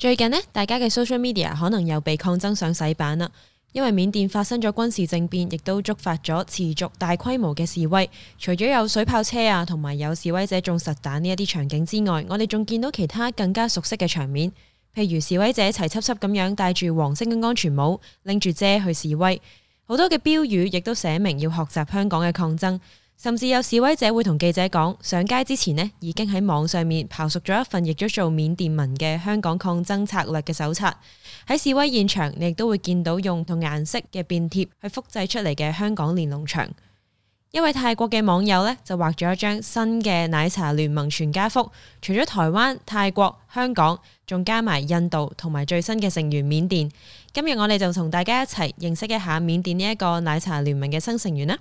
最近咧，大家嘅 social media 可能又被抗爭上洗版啦，因為緬甸發生咗軍事政變，亦都觸發咗持續大規模嘅示威。除咗有水炮車啊，同埋有示威者中實彈呢一啲場景之外，我哋仲見到其他更加熟悉嘅場面，譬如示威者齊葺葺咁樣戴住黃色嘅安全帽，拎住遮去示威，好多嘅標語亦都寫明要學習香港嘅抗爭。甚至有示威者會同記者講，上街之前呢，已經喺網上面刨熟咗一份譯咗做緬甸文嘅香港抗爭策略嘅手冊。喺示威現場，你亦都會見到用同顏色嘅便貼去複製出嚟嘅香港連儂牆。一位泰國嘅網友呢，就畫咗一張新嘅奶茶聯盟全家福，除咗台灣、泰國、香港，仲加埋印度同埋最新嘅成員緬甸。今日我哋就同大家一齊認識一下緬甸呢一個奶茶聯盟嘅新成員啦。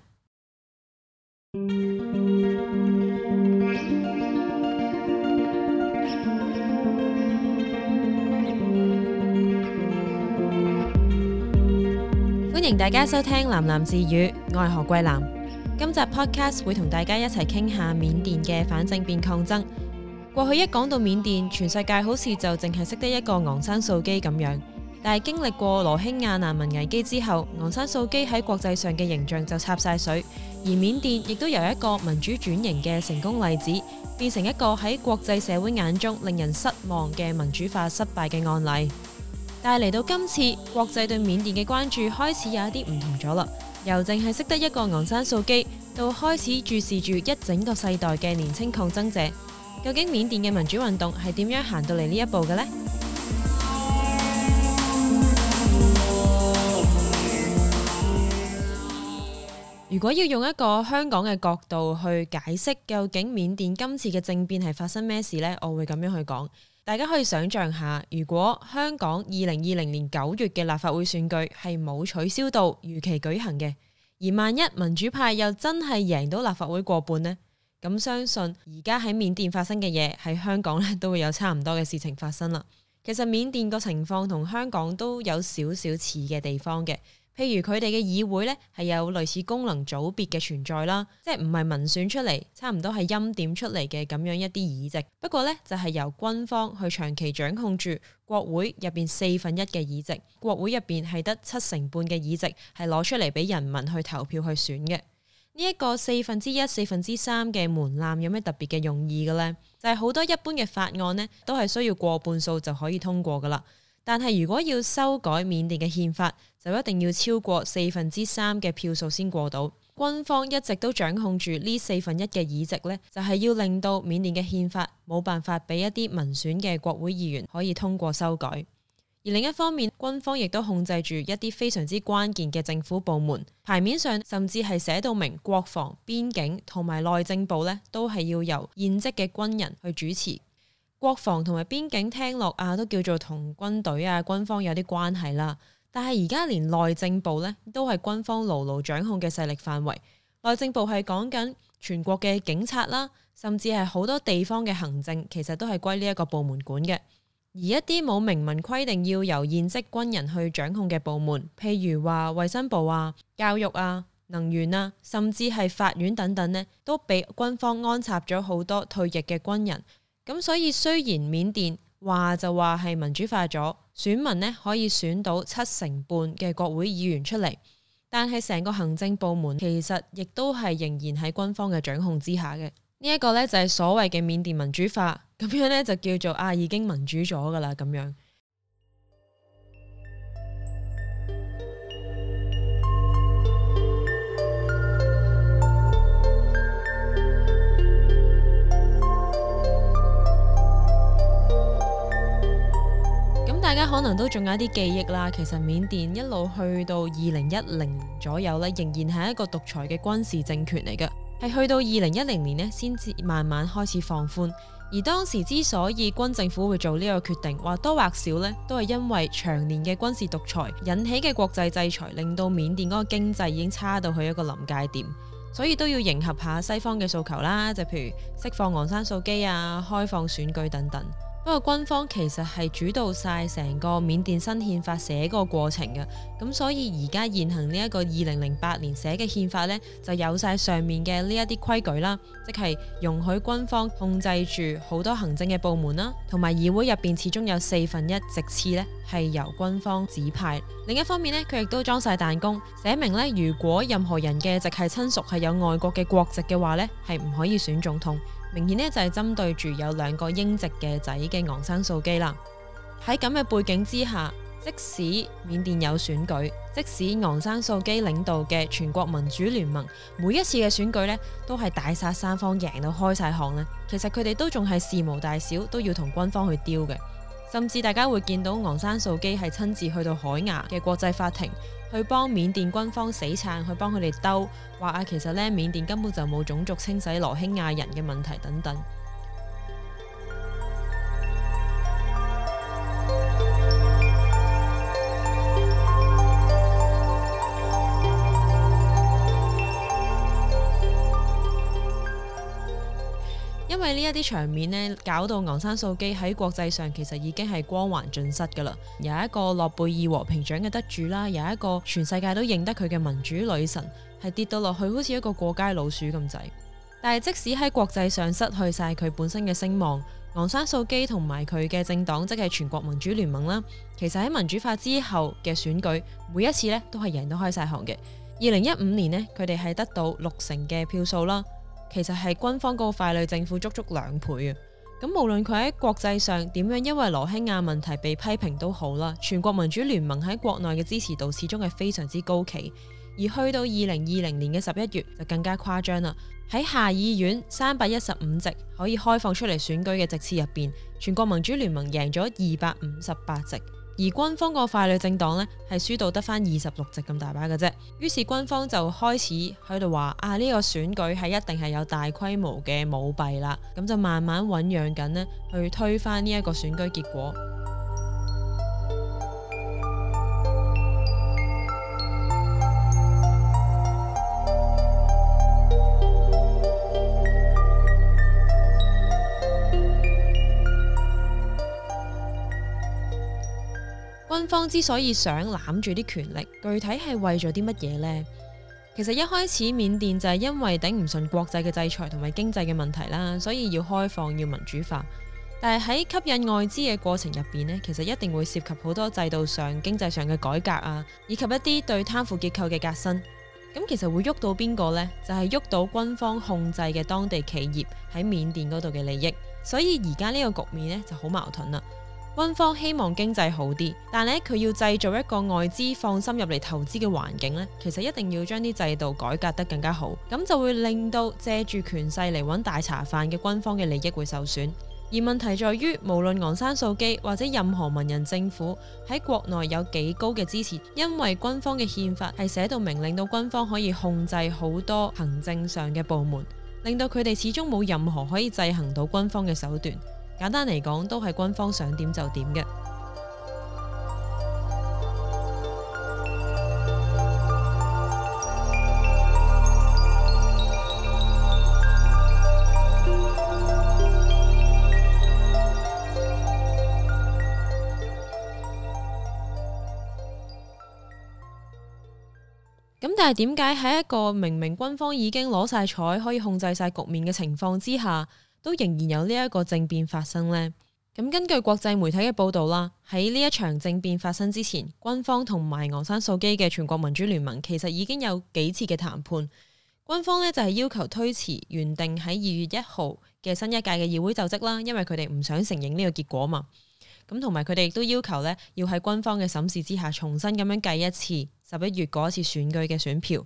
歡迎大家收聽《喃喃自語》，我係何桂藍。今集 podcast 會同大家一齊傾下緬甸嘅反政變抗爭。過去一講到緬甸，全世界好似就淨係識得一個昂山素姬咁樣。但係經歷過羅興亞難民危機之後，昂山素姬喺國際上嘅形象就插晒水。而緬甸亦都由一個民主轉型嘅成功例子，變成一個喺國際社會眼中令人失望嘅民主化失敗嘅案例。但係嚟到今次，國際對緬甸嘅關注開始有一啲唔同咗啦，由淨係識得一個昂山素姬，到開始注視住一整個世代嘅年輕抗爭者。究竟緬甸嘅民主運動係點樣行到嚟呢一步嘅呢？如果要用一個香港嘅角度去解釋，究竟緬甸今次嘅政變係發生咩事呢？我會咁樣去講，大家可以想象下，如果香港二零二零年九月嘅立法會選舉係冇取消到，如期舉行嘅，而萬一民主派又真係贏到立法會過半呢，咁相信而家喺緬甸發生嘅嘢，喺香港咧都會有差唔多嘅事情發生啦。其實緬甸個情況同香港都有少少似嘅地方嘅。譬如佢哋嘅議會咧，係有類似功能組別嘅存在啦，即係唔係民選出嚟，差唔多係欽點出嚟嘅咁樣一啲議席。不過咧，就係由軍方去長期掌控住國會入邊四分一嘅議席，國會入邊係得七成半嘅議席係攞出嚟俾人民去投票去選嘅。呢一個四分之一、四分之三嘅門檻有咩特別嘅用意嘅呢？就係好多一般嘅法案呢，都係需要過半數就可以通過噶啦。但係如果要修改緬甸嘅憲法，就一定要超過四分之三嘅票數先過到。軍方一直都掌控住呢四分一嘅議席呢，就係要令到緬甸嘅憲法冇辦法俾一啲民選嘅國會議員可以通過修改。而另一方面，軍方亦都控制住一啲非常之關鍵嘅政府部門，牌面上甚至係寫到明國防、邊境同埋內政部呢，都係要由現職嘅軍人去主持。國防同埋邊境聽落啊，都叫做同軍隊啊、軍方有啲關係啦。但係而家連內政部呢都係軍方牢牢掌控嘅勢力範圍，內政部係講緊全國嘅警察啦，甚至係好多地方嘅行政，其實都係歸呢一個部門管嘅。而一啲冇明文規定要由現職軍人去掌控嘅部門，譬如話衛生部啊、教育啊、能源啊，甚至係法院等等呢，都俾軍方安插咗好多退役嘅軍人。咁所以雖然緬甸。話就話係民主化咗，選民呢可以選到七成半嘅國會議員出嚟，但係成個行政部門其實亦都係仍然喺軍方嘅掌控之下嘅。呢、這、一個呢就係、是、所謂嘅緬甸民主化，咁樣呢就叫做啊已經民主咗㗎喇咁樣。可能都仲有一啲記憶啦。其實緬甸一路去到二零一零左右咧，仍然係一個獨裁嘅軍事政權嚟嘅，係去到二零一零年呢，先至慢慢開始放寬。而當時之所以軍政府會做呢個決定，或多或少呢，都係因為長年嘅軍事獨裁引起嘅國際制裁，令到緬甸嗰個經濟已經差到去一個臨界點，所以都要迎合下西方嘅訴求啦，就譬如釋放昂山素姬啊、開放選舉等等。不過軍方其實係主導晒成個緬甸新憲法寫個過程嘅，咁所以而家現行呢一個二零零八年寫嘅憲法呢，就有晒上面嘅呢一啲規矩啦，即係容許軍方控制住好多行政嘅部門啦，同埋議會入邊始終有四分一席次呢係由軍方指派。另一方面呢，佢亦都裝晒彈弓，寫明呢：如果任何人嘅直系親屬係有外國嘅國籍嘅話呢，係唔可以選總統。明顯呢，就係、是、針對住有兩個英籍嘅仔嘅昂山素姬啦。喺咁嘅背景之下，即使緬甸有選舉，即使昂山素姬領導嘅全國民主聯盟每一次嘅選舉呢，都係大殺三方贏到開晒巷呢。其實佢哋都仲係事無大小都要同軍方去屌嘅，甚至大家會見到昂山素姬係親自去到海牙嘅國際法庭。去幫緬甸軍方死撐，去幫佢哋兜話啊，說其實呢，緬甸根本就冇種族清洗羅興亞人嘅問題等等。因為呢一啲場面呢，搞到昂山素姬喺國際上其實已經係光環盡失噶啦，有一個諾貝爾和平獎嘅得主啦，有一個全世界都認得佢嘅民主女神，係跌到落去好似一個過街老鼠咁滯。但係即使喺國際上失去晒佢本身嘅聲望，昂山素姬同埋佢嘅政黨即係全國民主聯盟啦，其實喺民主化之後嘅選舉，每一次呢都係贏到開晒行嘅。二零一五年呢，佢哋係得到六成嘅票數啦。其實係軍方嗰個傀儡政府足足兩倍啊！咁無論佢喺國際上點樣，因為羅興亞問題被批評都好啦。全國民主聯盟喺國內嘅支持度始終係非常之高企，而去到二零二零年嘅十一月就更加誇張啦！喺下議院三百一十五席可以開放出嚟選舉嘅席次入邊，全國民主聯盟贏咗二百五十八席。而軍方個法律政黨呢，係輸到得返二十六席咁大把嘅啫。於是軍方就開始喺度話：啊，呢個選舉係一定係有大規模嘅舞弊啦。咁就慢慢醞釀緊呢，去推翻呢一個選舉結果。軍方之所以想攬住啲權力，具體係為咗啲乜嘢呢？其實一開始緬甸就係因為頂唔順國際嘅制裁同埋經濟嘅問題啦，所以要開放要民主化。但係喺吸引外資嘅過程入邊呢，其實一定會涉及好多制度上、經濟上嘅改革啊，以及一啲對貪腐結構嘅革新。咁其實會喐到邊個呢？就係喐到軍方控制嘅當地企業喺緬甸嗰度嘅利益。所以而家呢個局面呢，就好矛盾啦。軍方希望經濟好啲，但係佢要製造一個外資放心入嚟投資嘅環境，呢其實一定要將啲制度改革得更加好，咁就會令到借住權勢嚟揾大茶飯嘅軍方嘅利益會受損。而問題在於，無論昂山素姬或者任何文人政府喺國內有幾高嘅支持，因為軍方嘅憲法係寫到明，令到軍方可以控制好多行政上嘅部門，令到佢哋始終冇任何可以制衡到軍方嘅手段。簡單嚟講，都係軍方想點就點嘅。咁 但係點解喺一個明明軍方已經攞晒彩，可以控制晒局面嘅情況之下，都仍然有呢一個政變發生呢。咁根據國際媒體嘅報道啦，喺呢一場政變發生之前，軍方同埋昂山素姬嘅全國民主聯盟其實已經有幾次嘅談判，軍方呢就係要求推遲原定喺二月一號嘅新一屆嘅議會就職啦，因為佢哋唔想承認呢個結果嘛，咁同埋佢哋亦都要求呢，要喺軍方嘅審視之下重新咁樣計一次十一月嗰次選舉嘅選票。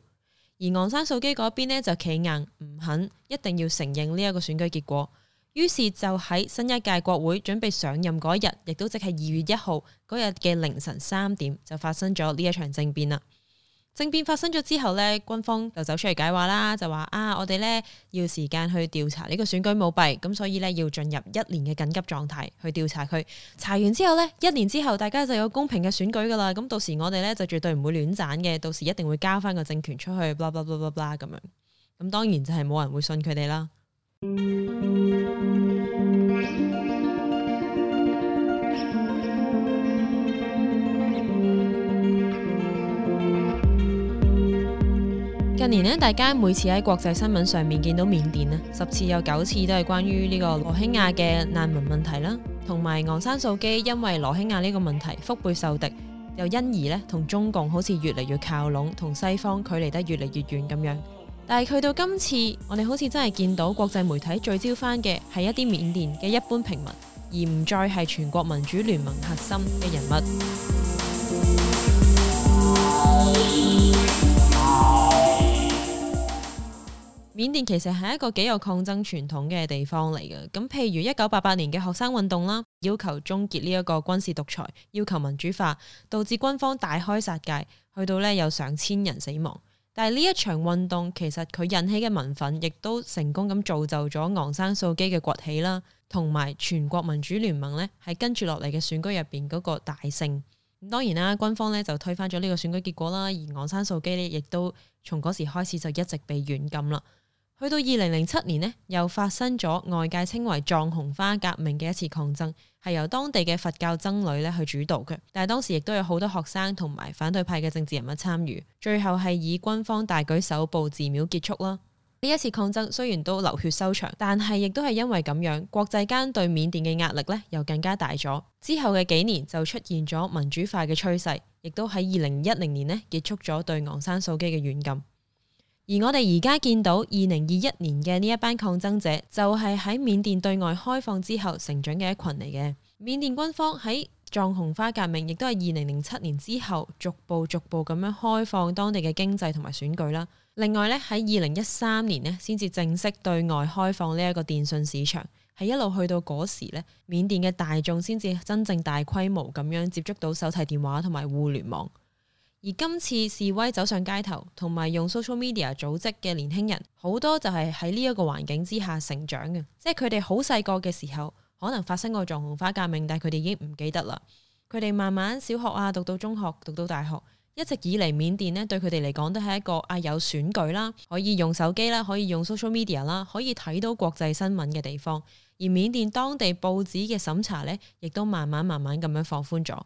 而昂山素姬嗰邊呢，就企硬唔肯，一定要承認呢一個選舉結果，於是就喺新一屆國會準備上任嗰日，亦都即係二月一號嗰日嘅凌晨三點，就發生咗呢一場政變啦。政變發生咗之後咧，軍方就走出嚟解話啦，就話啊，我哋咧要時間去調查呢個選舉舞弊，咁所以咧要進入一年嘅緊急狀態去調查佢。查完之後咧，一年之後大家就有公平嘅選舉噶啦。咁到時我哋咧就絕對唔會亂斬嘅，到時一定會交翻個政權出去，blah blah blah blah blah 咁樣。咁當然就係冇人會信佢哋啦。 近年咧，大家每次喺國際新聞上面見到緬甸咧，十次有九次都係關於呢個羅興亞嘅難民問題啦，同埋昂山素姬因為羅興亞呢個問題腹背受敵，又因而咧同中共好似越嚟越靠攏，同西方距離得越嚟越遠咁樣。但係去到今次，我哋好似真係見到國際媒體聚焦翻嘅係一啲緬甸嘅一般平民，而唔再係全國民主聯盟核心嘅人物。 緬甸其實係一個幾有抗爭傳統嘅地方嚟嘅，咁譬如一九八八年嘅學生運動啦，要求終結呢一個軍事獨裁，要求民主化，導致軍方大開殺戒，去到呢有上千人死亡。但係呢一場運動其實佢引起嘅民憤，亦都成功咁造就咗昂山素姬嘅崛起啦，同埋全國民主聯盟呢係跟住落嚟嘅選舉入邊嗰個大勝。咁當然啦，軍方呢就推翻咗呢個選舉結果啦，而昂山素姬呢亦都從嗰時開始就一直被軟禁啦。去到二零零七年呢，又發生咗外界稱為藏紅花革命嘅一次抗爭，係由當地嘅佛教僧侶咧去主導嘅，但係當時亦都有好多學生同埋反對派嘅政治人物參與，最後係以軍方大舉搜捕寺廟結束啦。呢一次抗爭雖然都流血收場，但係亦都係因為咁樣，國際間對緬甸嘅壓力咧又更加大咗。之後嘅幾年就出現咗民主化嘅趨勢，亦都喺二零一零年呢結束咗對昂山素姬嘅軟禁。而我哋而家見到二零二一年嘅呢一班抗爭者，就係喺緬甸對外開放之後成長嘅一群嚟嘅。緬甸軍方喺藏紅花革命，亦都係二零零七年之後逐步逐步咁樣開放當地嘅經濟同埋選舉啦。另外呢，喺二零一三年呢，先至正式對外開放呢一個電信市場，係一路去到嗰時呢，緬甸嘅大眾先至真正大規模咁樣接觸到手提電話同埋互聯網。而今次示威走上街頭，同埋用 social media 組織嘅年輕人，好多就係喺呢一個環境之下成長嘅，即係佢哋好細個嘅時候，可能發生過藏紅花革命，但係佢哋已經唔記得啦。佢哋慢慢小學啊，讀到中學，讀到大學，一直以嚟，緬甸呢對佢哋嚟講都係一個啊有選舉啦，可以用手機啦，可以用 social media 啦，可以睇到國際新聞嘅地方。而緬甸當地報紙嘅審查呢，亦都慢慢慢慢咁樣放寬咗。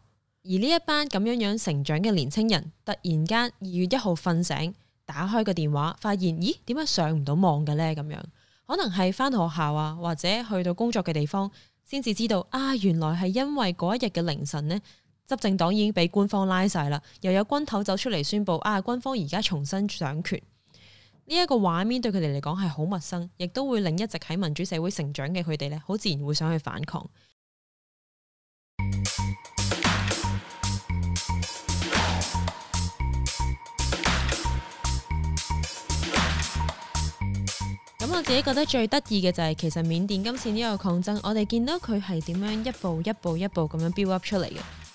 而呢一班咁樣樣成長嘅年青人，突然間二月一號瞓醒，打開個電話，發現咦，點解上唔到網嘅呢？咁樣可能係返學校啊，或者去到工作嘅地方，先至知道啊，原來係因為嗰一日嘅凌晨呢，執政黨已經俾官方拉晒啦，又有軍頭走出嚟宣佈啊，軍方而家重新掌權。呢一個畫面對佢哋嚟講係好陌生，亦都會令一直喺民主社會成長嘅佢哋咧，好自然會想去反抗。嗯嗯我自己覺得最得意嘅就係、是、其實緬甸今次呢個抗爭，我哋見到佢係點樣一步一步一步咁樣 build up 出嚟嘅。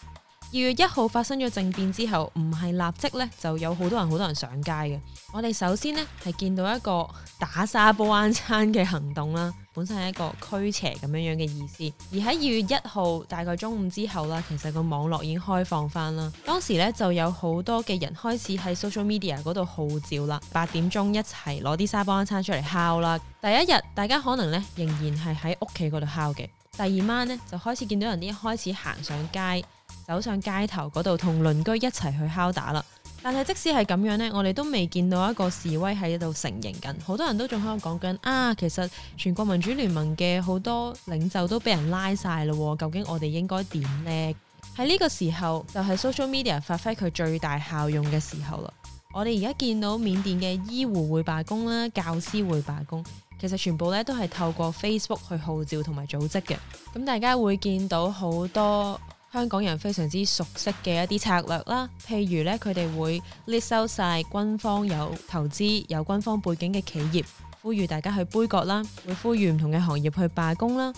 二月一號發生咗政變之後，唔係立即咧，就有好多人好多人上街嘅。我哋首先呢係見到一個打沙煲罌罉嘅行動啦，本身係一個驅邪咁樣樣嘅意思。而喺二月一號大概中午之後啦，其實個網絡已經開放翻啦。當時咧就有好多嘅人開始喺 social media 嗰度號召啦，八點鐘一齊攞啲沙煲罌罉出嚟敲啦。第一日大家可能咧仍然係喺屋企嗰度敲嘅，第二晚咧就開始見到人啲開始行上街。走上街頭嗰度同鄰居一齊去敲打啦，但係即使係咁樣呢，我哋都未見到一個示威喺度成形緊，好多人都仲喺度講緊啊，其實全國民主聯盟嘅好多領袖都俾人拉晒啦，究竟我哋應該點呢？喺呢個時候就係 social media 發揮佢最大效用嘅時候啦。我哋而家見到緬甸嘅醫護會罷工啦，教師會罷工，其實全部咧都係透過 Facebook 去號召同埋組織嘅。咁大家會見到好多。香港人非常之熟悉嘅一啲策略啦，譬如咧，佢哋會列收晒軍方有投資、有軍方背景嘅企業。呼籲大家去杯葛啦，會呼籲唔同嘅行業去罷工啦。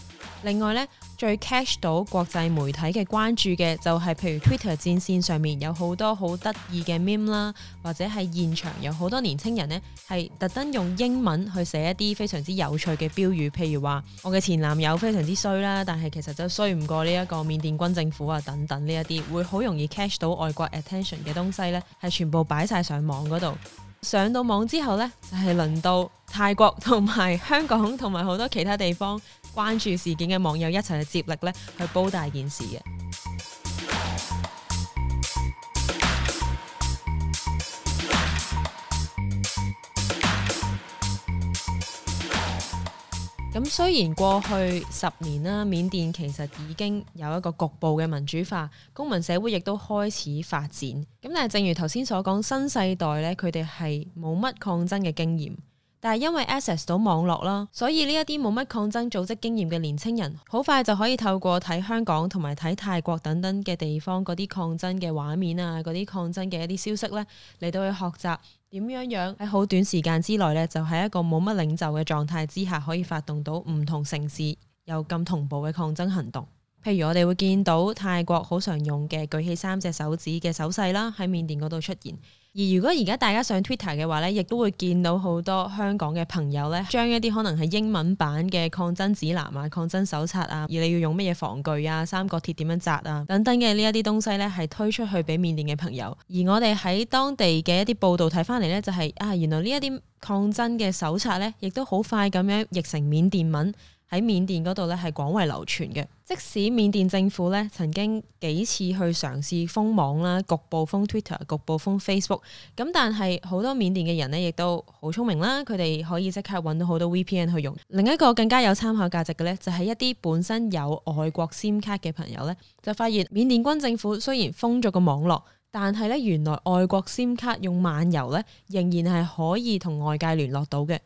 另外咧，最 catch 到國際媒體嘅關注嘅就係，譬如 Twitter 戰綫上面有好多好得意嘅 meme 啦，或者係現場有好多年青人呢，係特登用英文去寫一啲非常之有趣嘅標語，譬如話我嘅前男友非常之衰啦，但係其實就衰唔過呢一個緬甸軍政府啊等等呢一啲，會好容易 catch 到外國 attention 嘅東西咧，係全部擺晒上網嗰度。上到網之後呢，就係、是、輪到泰國同埋香港同埋好多其他地方關注事件嘅網友一齊去接力呢，去煲大件事嘅。咁雖然過去十年啦，緬甸其實已經有一個局部嘅民主化，公民社會亦都開始發展。咁但係正如頭先所講，新世代咧，佢哋係冇乜抗爭嘅經驗。但係因為 access 到網絡啦，所以呢一啲冇乜抗爭組織經驗嘅年輕人，好快就可以透過睇香港同埋睇泰國等等嘅地方嗰啲抗爭嘅畫面啊，嗰啲抗爭嘅一啲消息咧，嚟到去學習。點樣樣喺好短時間之內呢，就喺一個冇乜領袖嘅狀態之下，可以發動到唔同城市有咁同步嘅抗爭行動？譬如我哋會見到泰國好常用嘅舉起三隻手指嘅手勢啦，喺緬甸嗰度出現。而如果而家大家上 Twitter 嘅話咧，亦都會見到好多香港嘅朋友咧，將一啲可能係英文版嘅抗爭指南啊、抗爭手冊啊，而你要用乜嘢防具啊、三角鐵點樣紮啊等等嘅呢一啲東西咧，係推出去俾緬甸嘅朋友。而我哋喺當地嘅一啲報道睇翻嚟咧，就係、是、啊，原來呢一啲抗爭嘅手冊咧，亦都好快咁樣譯成緬甸文。喺緬甸嗰度咧，係廣為流傳嘅。即使緬甸政府咧，曾經幾次去嘗試封網啦，局部封 Twitter，局部封 Facebook，咁但係好多緬甸嘅人咧，亦都好聰明啦，佢哋可以即刻搵到好多 VPN 去用。另一個更加有參考價值嘅咧，就係一啲本身有外國 SIM 卡嘅朋友咧，就發現緬甸軍政府雖然封咗個網絡，但係咧，原來外國 SIM 卡用漫遊咧，仍然係可以同外界聯絡到嘅。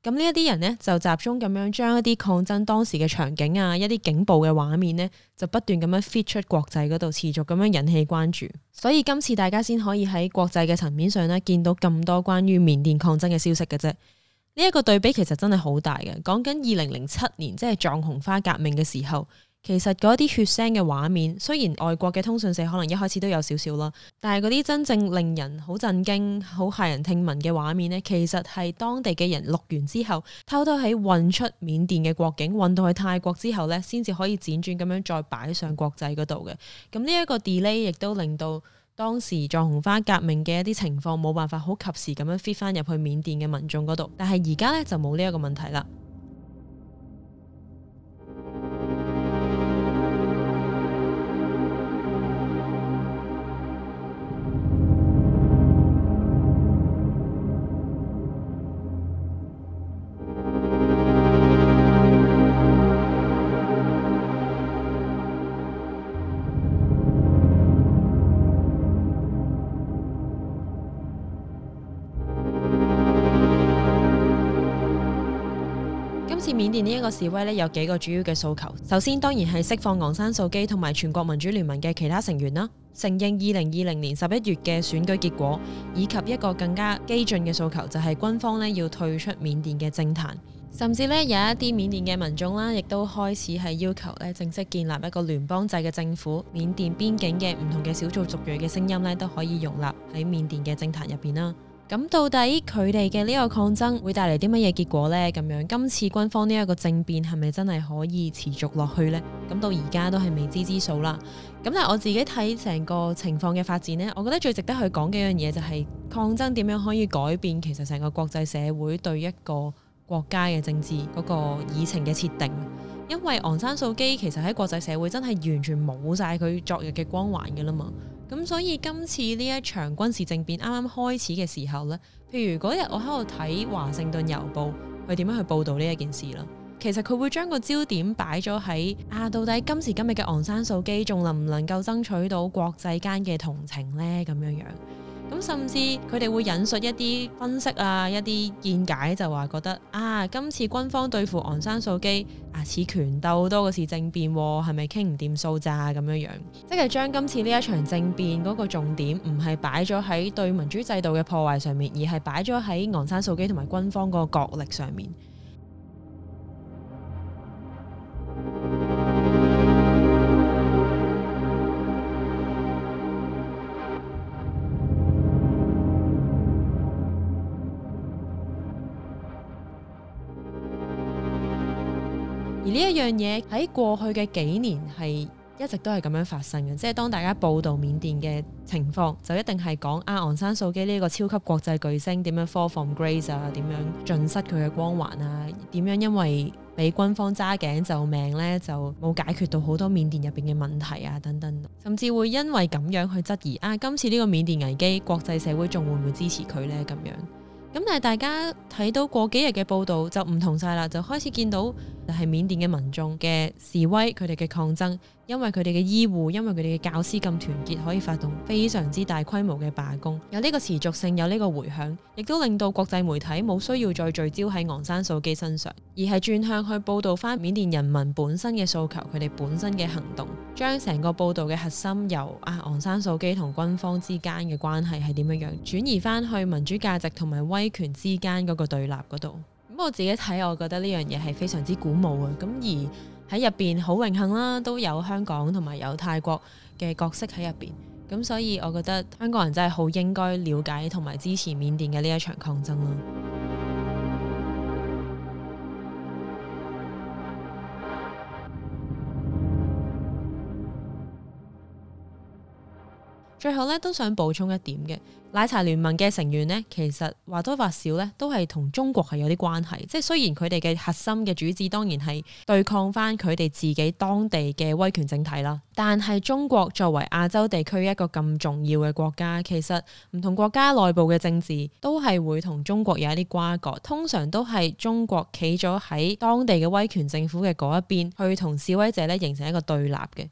咁呢一啲人呢，就集中咁樣將一啲抗爭當時嘅場景啊，一啲警暴嘅畫面呢，就不斷咁樣 fit 出國際嗰度，持續咁樣引起關注，所以今次大家先可以喺國際嘅層面上呢，見到咁多關於緬甸抗爭嘅消息嘅啫。呢一個對比其實真係好大嘅，講緊二零零七年即係藏紅花革命嘅時候。其實嗰啲血腥嘅畫面，雖然外國嘅通訊社可能一開始都有少少啦，但係嗰啲真正令人好震驚、好嚇人聽聞嘅畫面呢，其實係當地嘅人錄完之後，偷偷喺運出緬甸嘅國境，運到去泰國之後呢，先至可以輾轉咁樣再擺上國際嗰度嘅。咁呢一個 delay 亦都令到當時藏紅花革命嘅一啲情況冇辦法好及時咁樣 fit 翻入去緬甸嘅民眾嗰度。但係而家呢，就冇呢一個問題啦。緬甸呢一個示威呢，有幾個主要嘅訴求，首先當然係釋放昂山素姬同埋全國民主聯盟嘅其他成員啦，承認二零二零年十一月嘅選舉結果，以及一個更加激進嘅訴求就係、是、軍方呢要退出緬甸嘅政壇，甚至呢，有一啲緬甸嘅民眾啦，亦都開始係要求呢正式建立一個聯邦制嘅政府，緬甸邊境嘅唔同嘅少數族裔嘅聲音呢，都可以容納喺緬甸嘅政壇入邊啦。咁到底佢哋嘅呢個抗爭會帶嚟啲乜嘢結果呢？咁樣今次軍方呢一個政變係咪真係可以持續落去呢？咁到而家都係未知之數啦。咁但係我自己睇成個情況嘅發展呢，我覺得最值得去講嘅一樣嘢就係、是、抗爭點樣可以改變其實成個國際社會對一個國家嘅政治嗰、那個議程嘅設定。因為昂山素姬其實喺國際社會真係完全冇晒佢昨日嘅光環嘅啦嘛。咁所以今次呢一場軍事政變啱啱開始嘅時候呢，譬如嗰日我喺度睇《華盛頓郵報》，佢點樣去報導呢一件事啦？其實佢會將個焦點擺咗喺啊，到底今時今日嘅昂山素姬仲能唔能夠爭取到國際間嘅同情呢？咁樣樣。咁甚至佢哋會引述一啲分析啊，一啲見解，就話覺得啊，今次軍方對付昂山素姬啊，似權鬥多過似政變，啊，係咪傾唔掂數咋咁樣樣？即係將今次呢一場政變嗰個重點，唔係擺咗喺對民主制度嘅破壞上面，而係擺咗喺昂山素姬同埋軍方嗰個角力上面。呢一樣嘢喺過去嘅幾年係一直都係咁樣發生嘅，即係當大家報道緬甸嘅情況，就一定係講阿昂山素姬呢一個超級國際巨星點樣 fall from grace 啊，點樣盡失佢嘅光環啊，點樣因為俾軍方揸頸就命呢，就冇解決到好多緬甸入邊嘅問題啊，等等，甚至會因為咁樣去質疑啊，今次呢個緬甸危機國際社會仲會唔會支持佢呢？咁樣咁，但係大家睇到過幾日嘅報道就唔同晒啦，就開始見到。就係緬甸嘅民眾嘅示威，佢哋嘅抗爭，因為佢哋嘅醫護，因為佢哋嘅教師咁團結，可以發動非常之大規模嘅罷工，有呢個持續性，有呢個迴響，亦都令到國際媒體冇需要再聚焦喺昂山素姬身上，而係轉向去報導翻緬甸人民本身嘅訴求，佢哋本身嘅行動，將成個報導嘅核心由啊昂山素姬同軍方之間嘅關係係點樣樣，轉移翻去民主價值同埋威權之間嗰個對立嗰度。不過我自己睇，我覺得呢樣嘢係非常之鼓舞嘅。咁而喺入邊好榮幸啦，都有香港同埋有泰國嘅角色喺入邊。咁所以，我覺得香港人真係好應該了解同埋支持緬甸嘅呢一場抗爭啦。最後咧都想補充一點嘅，奶茶聯盟嘅成員呢，其實或多或少咧都係同中國係有啲關係。即係雖然佢哋嘅核心嘅主旨當然係對抗翻佢哋自己當地嘅威權政體啦，但係中國作為亞洲地區一個咁重要嘅國家，其實唔同國家內部嘅政治都係會同中國有一啲瓜葛。通常都係中國企咗喺當地嘅威權政府嘅嗰一邊，去同示威者咧形成一個對立嘅。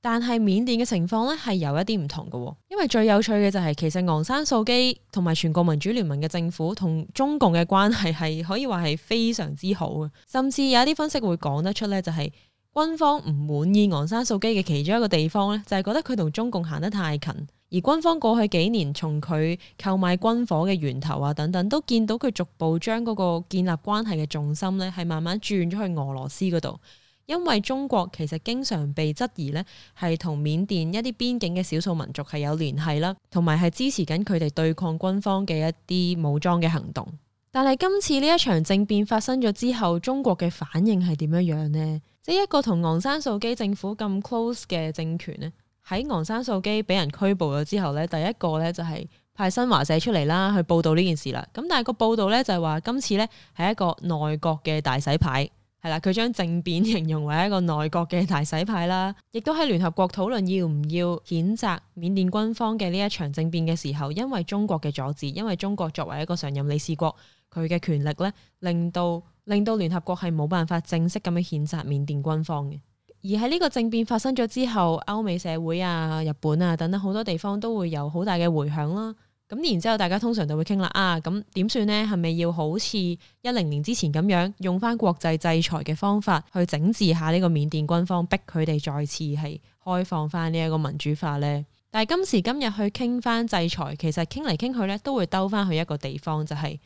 但係緬甸嘅情況咧係有一啲唔同嘅。哦，因為最有趣嘅就係、是、其實昂山素姬同埋全國民主聯盟嘅政府同中共嘅關係係可以話係非常之好嘅，甚至有一啲分析會講得出咧，就係、是、軍方唔滿意昂山素姬嘅其中一個地方咧，就係、是、覺得佢同中共行得太近，而軍方過去幾年從佢購買軍火嘅源頭啊等等，都見到佢逐步將嗰個建立關係嘅重心咧係慢慢轉咗去俄羅斯嗰度。因為中國其實經常被質疑咧，係同緬甸一啲邊境嘅少數民族係有聯繫啦，同埋係支持緊佢哋對抗軍方嘅一啲武裝嘅行動。但係今次呢一場政變發生咗之後，中國嘅反應係點樣樣咧？即係一個同昂山素基政府咁 close 嘅政權呢，喺昂山素基俾人拘捕咗之後呢，第一個呢就係派新華社出嚟啦去報導呢件事啦。咁但係個報導呢，就係話，今次呢係一個內閣嘅大洗牌。係啦，佢將政變形容為一個內閣嘅大洗牌啦，亦都喺聯合國討論要唔要譴責緬甸軍方嘅呢一場政變嘅時候，因為中國嘅阻止，因為中國作為一個常任理事國，佢嘅權力咧，令到令到聯合國係冇辦法正式咁樣譴責緬甸軍方嘅。而喺呢個政變發生咗之後，歐美社會啊、日本啊等等好多地方都會有好大嘅回響啦。咁然之後，大家通常就會傾啦啊！咁點算呢？係咪要好似一零年之前咁樣，用翻國際制裁嘅方法去整治下呢個緬甸軍方，逼佢哋再次係開放翻呢一個民主化呢？但係今時今日去傾翻制裁，其實傾嚟傾去咧，都會兜翻去一個地方，就係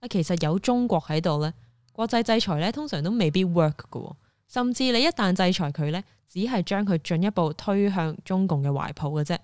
啊，其實有中國喺度咧，國際制裁咧，通常都未必 work 嘅，甚至你一旦制裁佢咧，只係將佢進一步推向中共嘅懷抱嘅啫。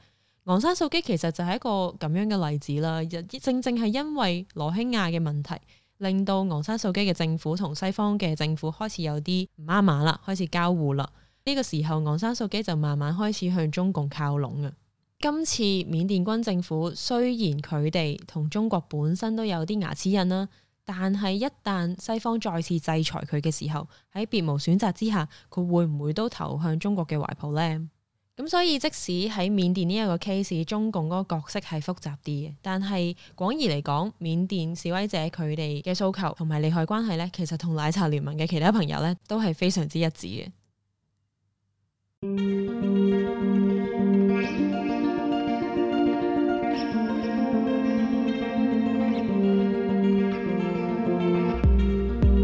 昂山素姬其實就係一個咁樣嘅例子啦，正正係因為羅興亞嘅問題，令到昂山素姬嘅政府同西方嘅政府開始有啲唔啱嘛啦，開始交互啦。呢個時候，昂山素姬就慢慢開始向中共靠攏啊。今次緬甸軍政府雖然佢哋同中國本身都有啲牙齒印啦，但係一旦西方再次制裁佢嘅時候，喺別無選擇之下，佢會唔會都投向中國嘅懷抱呢？咁所以即使喺緬甸呢一個 case，中共嗰個角色係複雜啲嘅，但係廣義嚟講，緬甸示威者佢哋嘅訴求同埋利害關係咧，其實同奶茶聯盟嘅其他朋友咧都係非常之一致嘅。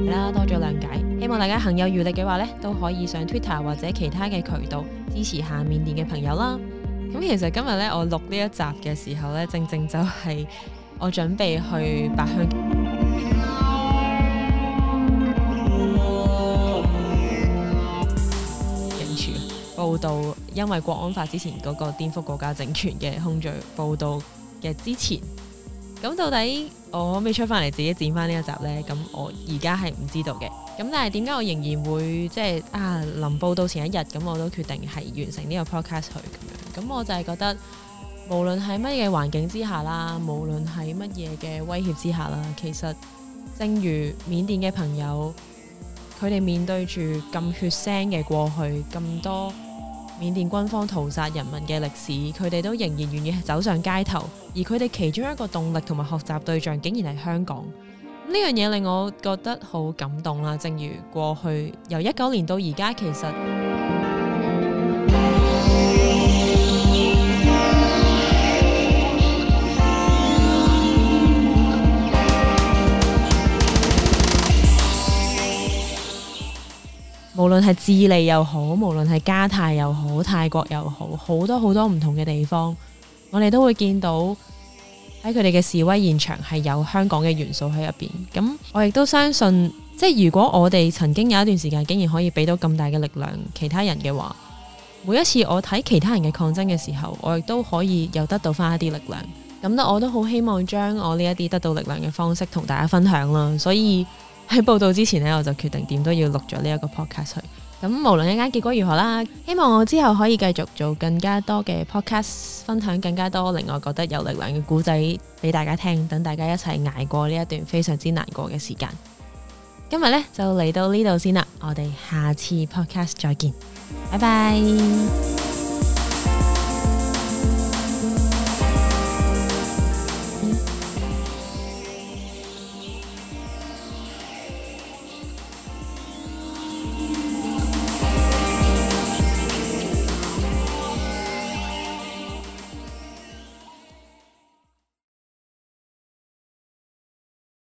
啦， 多咗諒解。希望大家行有餘力嘅話咧，都可以上 Twitter 或者其他嘅渠道支持下緬甸嘅朋友啦。咁其實今日咧，我錄呢一集嘅時候咧，正正就係我準備去白香警署報道，因為國安法之前嗰個顛覆國家政權嘅控罪報道嘅之前。咁到底我可唔可以出翻嚟，自己剪翻呢一集呢？咁我而家係唔知道嘅。咁但係點解我仍然會即係、就是、啊？臨報到前一日，咁我都決定係完成呢個 podcast 去咁樣。咁我就係覺得，無論喺乜嘢環境之下啦，無論喺乜嘢嘅威脅之下啦，其實正如緬甸嘅朋友，佢哋面對住咁血腥嘅過去，咁多，緬甸軍方屠殺人民嘅歷史，佢哋都仍然願意走上街頭，而佢哋其中一個動力同埋學習對象，竟然係香港。呢樣嘢令我覺得好感動啦。正如過去由一九年到而家，其實。無論係智利又好，無論係加泰又好，泰國又好，好多好多唔同嘅地方，我哋都會見到喺佢哋嘅示威現場係有香港嘅元素喺入邊。咁我亦都相信，即係如果我哋曾經有一段時間竟然可以俾到咁大嘅力量其他人嘅話，每一次我睇其他人嘅抗爭嘅時候，我亦都可以又得到翻一啲力量。咁咧，我都好希望將我呢一啲得到力量嘅方式同大家分享啦。所以。喺報道之前呢，我就決定點都要錄咗呢一個 podcast 去。咁無論一間結果如何啦，希望我之後可以繼續做更加多嘅 podcast，分享更加多令我覺得有力量嘅故仔俾大家聽，等大家一齊挨過呢一段非常之難過嘅時間。今日呢，就嚟到呢度先啦，我哋下次 podcast 再見，拜拜。